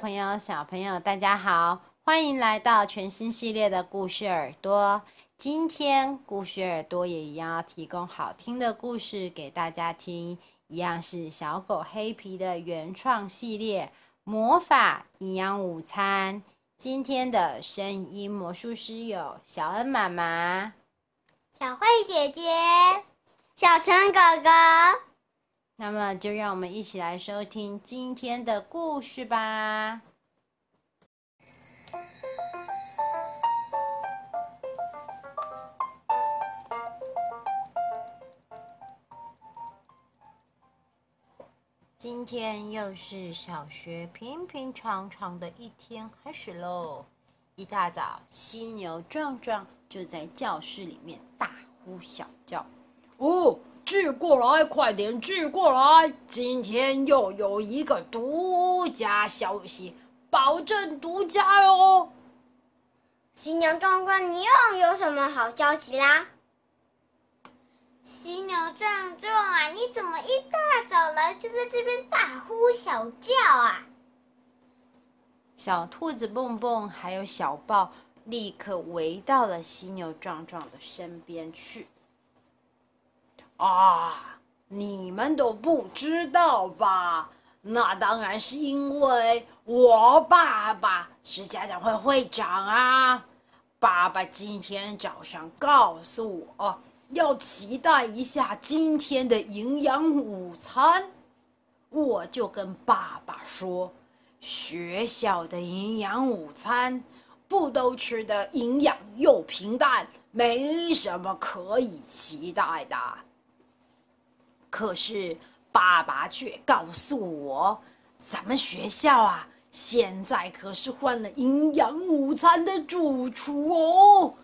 朋友，小朋友，大家好，歡迎來到全新系列的故事耳朵。今天故事耳朵也一樣要提供好聽的故事給大家聽，一樣是小狗黑皮的原創系列《魔法營養午餐》。今天的聲音魔術師有小恩媽媽、小慧姐姐、小陳哥哥。那麼，就讓我們一起來收聽今天的故事吧。今天又是小學平平常常的一天，開始嘍！一大早，犀牛壯壯就在教室裡面大呼小。過來，快點聚過來！今天又有一個獨家消息，保證獨家哦。犀牛壯壯，你又有什麼好消息啦？犀牛壯壯啊，你怎麼一大早來就在這邊大呼小叫啊？小兔子蹦蹦還有小豹立刻圍到了犀牛壯壯的身邊去。啊，你們都不知道吧？那當然是因為我爸爸是家長會會長啊！爸爸今天早上告訴我，啊，要期待一下今天的營養午餐，我就跟爸爸說，學校的營養午餐不都吃的營養又平淡，沒什麼可以期待的。可是爸爸卻告訴我，咱們學校啊，現在可是換了營養午餐的主廚哦。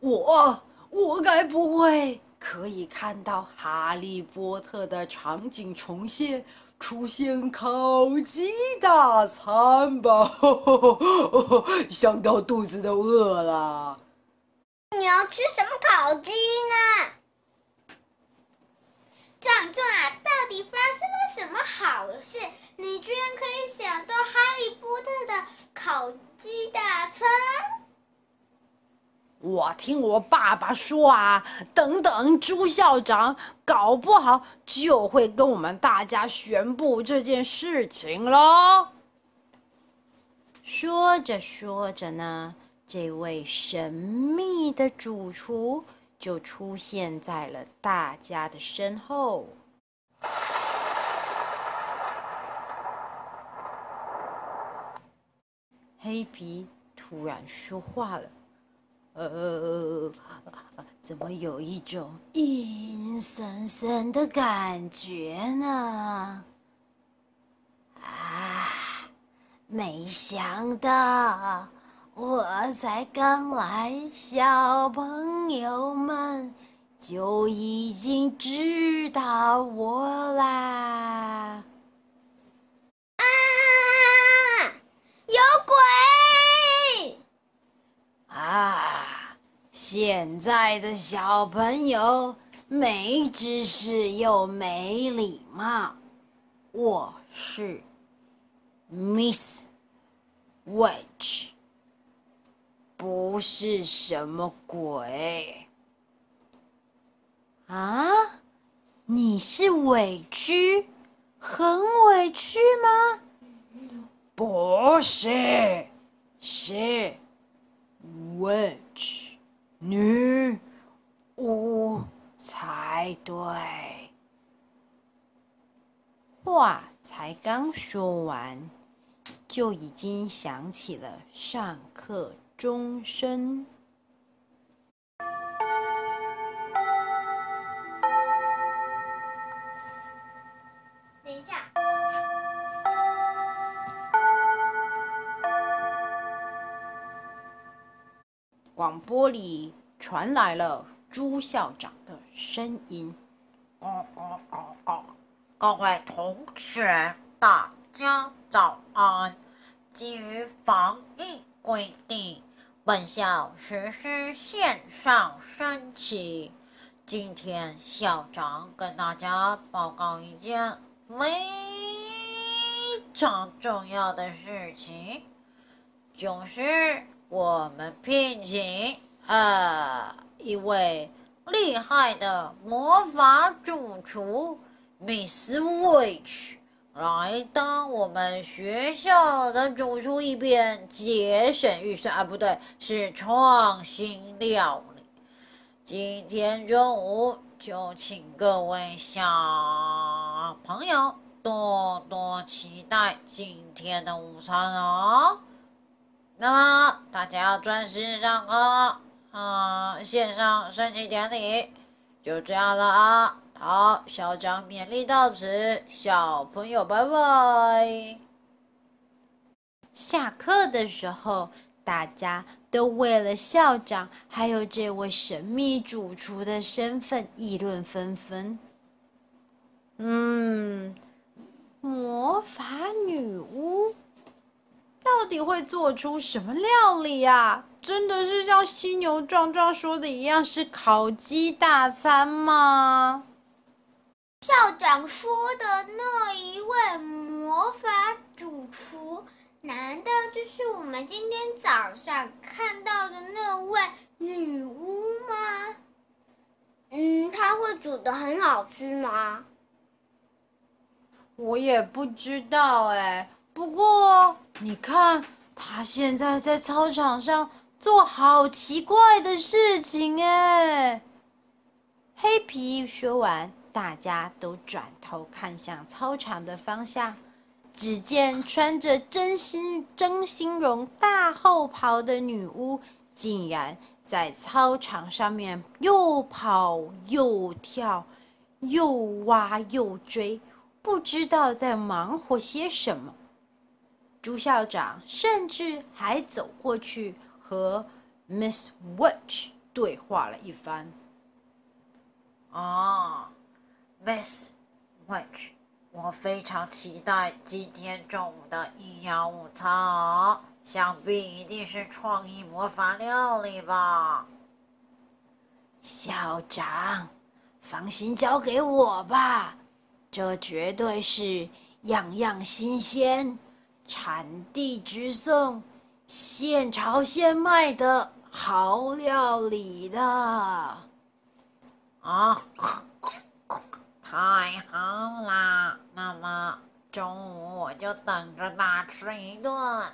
我我該不會可以看到《哈利波特》的場景重現，出現烤雞大餐吧？ 想到肚子都餓了，你要吃什麼烤雞呢？壯壯啊，到底發生了什麼好事？你居然可以想到《哈利波特》的烤雞大餐！我聽我爸爸說啊，等等，朱校長搞不好就會跟我們大家宣布這件事情咯。說着說着呢，這位神秘的主廚。就出現在了大家的身後。黑皮突然說話了：“呃，怎麼有一種陰森森的感覺呢？啊，沒想到，我才剛來，小朋。”朋友們就已經知道我啦！啊，有鬼！啊，現在的小朋友沒知識又沒禮貌。我是 Miss Witch。不是什麼鬼啊！你是委屈，很委屈嗎？不是，是 witch 女巫才對。話才剛說完，就已經響起了上課鐘聲。等一下。廣播裡傳來了朱校長的聲音：“各位同學，大家早安。基於防疫規定。”本校實施線上升旗，今天校長跟大家報告一件非常重要的事情，就是我們聘請啊、呃、一位厲害的魔法主廚 Miss Witch。來，當我們學校的主廚一邊節省預算啊，不對，是創新料理。今天中午就請各位小朋友多多期待今天的午餐哦。那麼大家要專心上課，啊，啊，線上升旗典禮就這樣了啊。好，校長勉勵到此，小朋友拜拜。下課的時候，大家都為了校長還有這位神秘主廚的身份議論紛紛。嗯，魔法女巫到底會做出什麼料理啊？真的是像犀牛壯壯說的一樣，是烤雞大餐嗎？校長說的那一位魔法主廚，難道就是我們今天早上看到的那位女巫嗎？嗯，她會煮得很好吃嗎？我也不知道哎。不過你看，她現在在操場上做好奇怪的事情哎。黑皮說完。大家都轉頭看向操場的方向，只見穿着真心真心絨大厚袍的女巫竟然在操場上面又跑又跳，又挖又追，不知道在忙活些什麼。朱校長甚至還走過去和 Miss Witch 對話了一番。啊。b i s s 我 h 我，非常期待今天中午的營養午餐哦，想必一定是創意魔法料理吧。校長，放心交給我吧，這絕對是樣樣新鮮、產地直送、現炒現賣的好料理的。啊！太好啦！那麼中午我就等着大吃一頓。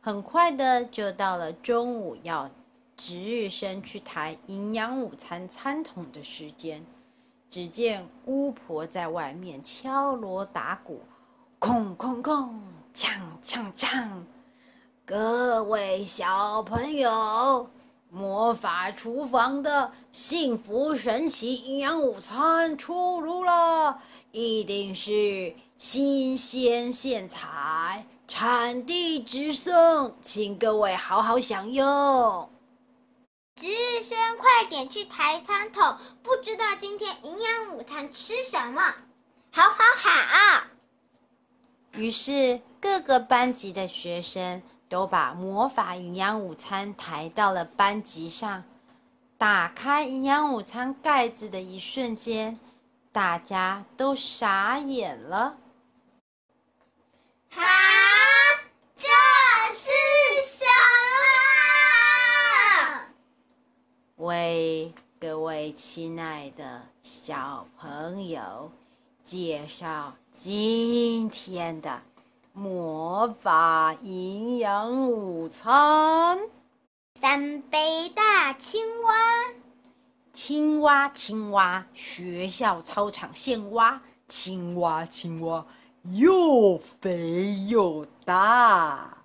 很快的就到了中午要值日生去抬營養午餐餐桶的時間，只見巫婆在外面敲鑼打鼓，哐哐哐，鏘鏘鏘，各位小朋友。魔法廚房的幸福神奇營養午餐出爐了，一定是新鮮現採，產地直送，請各位好好享用。值日生，快點去抬餐桶，不知道今天營養午餐吃什麼？好好好。於是各個班級的學生。都把魔法營養午餐抬到了班級上。打開營養午餐蓋子的一瞬間，大家都傻眼了。好，啊，這是什麼？為各位親愛的小朋友介紹今天的。魔法營養午餐，三杯大青蛙。青蛙青蛙，學校操場現挖，青蛙青蛙又肥又大。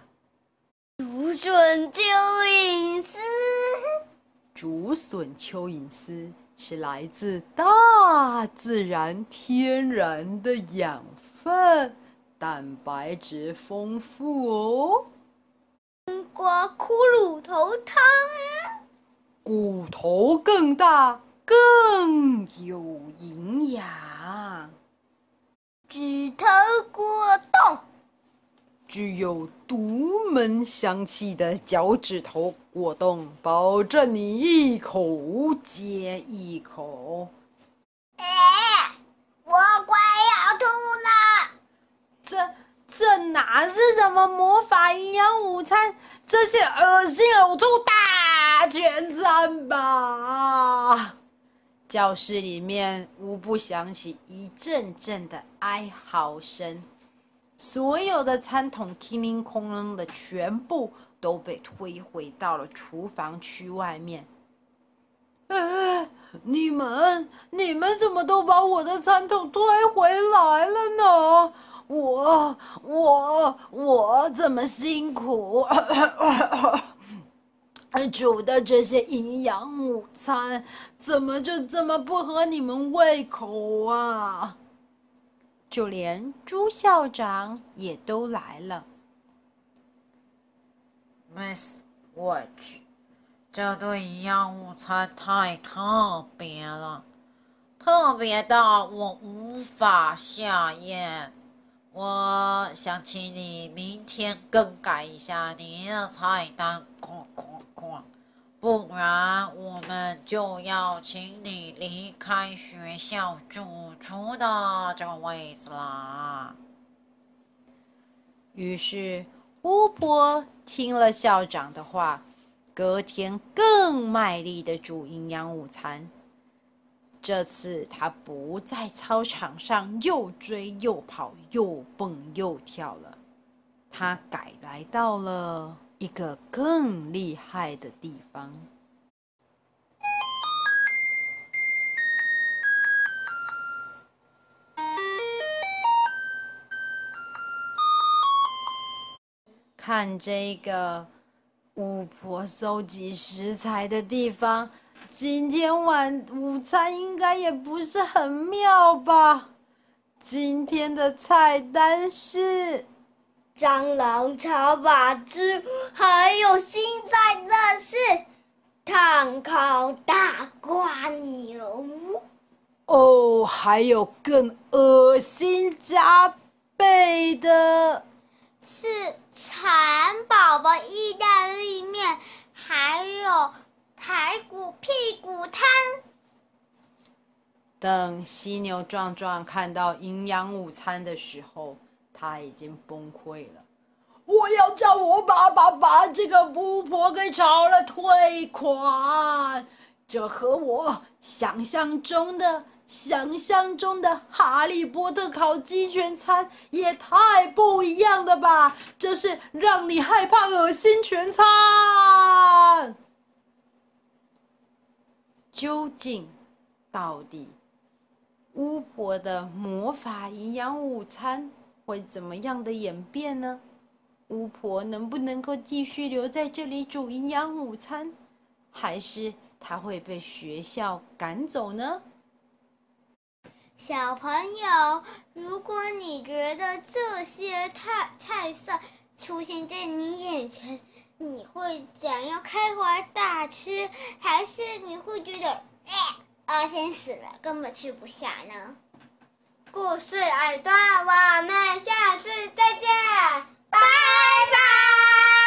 竹筍蚯蚓絲，竹筍蚯蚓絲是來自大自然天然的養分。蛋白質豐富哦，南瓜骷髏頭湯，骨頭更大更有營養，指頭果凍，具有獨門香氣的腳趾頭果凍，保證你一口接一口。欸，我乖。魔法營養午餐，這些噁心嘔吐大全餐吧！教室裡面無不響起一陣陣的哀嚎聲，所有的餐桶叮鈴哐啷的全部都被推回到了廚房區外面。哎，你們你們怎麼都把我的餐桶推回來了呢？我我我這麼辛苦， 煮的這些營養午餐怎麼就這麼不合你們胃口啊？就連朱校長也都來了。Miss Watch，這頓營養午餐太特別了，特別到我無法下咽。我想請你明天更改一下你的菜單，哐哐哐，不然我們就要請你離開學校主廚的這個位置啦。於是巫婆聽了校長的話，隔天更賣力的煮營養午餐。這次他不在操場上又追又跑又蹦又跳了。他改來到了一個更厲害的地方。 看這個巫婆收集食材的地方。今天晚午餐應該也不是很妙吧？今天的菜單是蟑螂炒把子，還有新菜的是炭烤大蝸牛。哦，還有更噁心加倍的是蠶寶寶意大利麵，還有。排骨屁股湯。等犀牛壯壯看到營養午餐的時候，他已經崩潰了。我要叫我爸爸把這個巫婆給炒了，退款！這和我想象中的、想象中的《哈利波特》烤雞全餐也太不一樣了吧！這是讓你害怕、噁心全餐。究竟，到底巫婆的魔法營養午餐會怎麼樣的演變呢？巫婆能不能夠繼續留在這裡煮營養午餐？還是她會被學校趕走呢？小朋友，如果你覺得這些菜菜色出現在你眼前，你會想要開懷大吃，還是你會覺得，惡、呃、心、啊、死了，根本吃不下呢？故事耳朵，我們下次再見，拜拜。拜拜。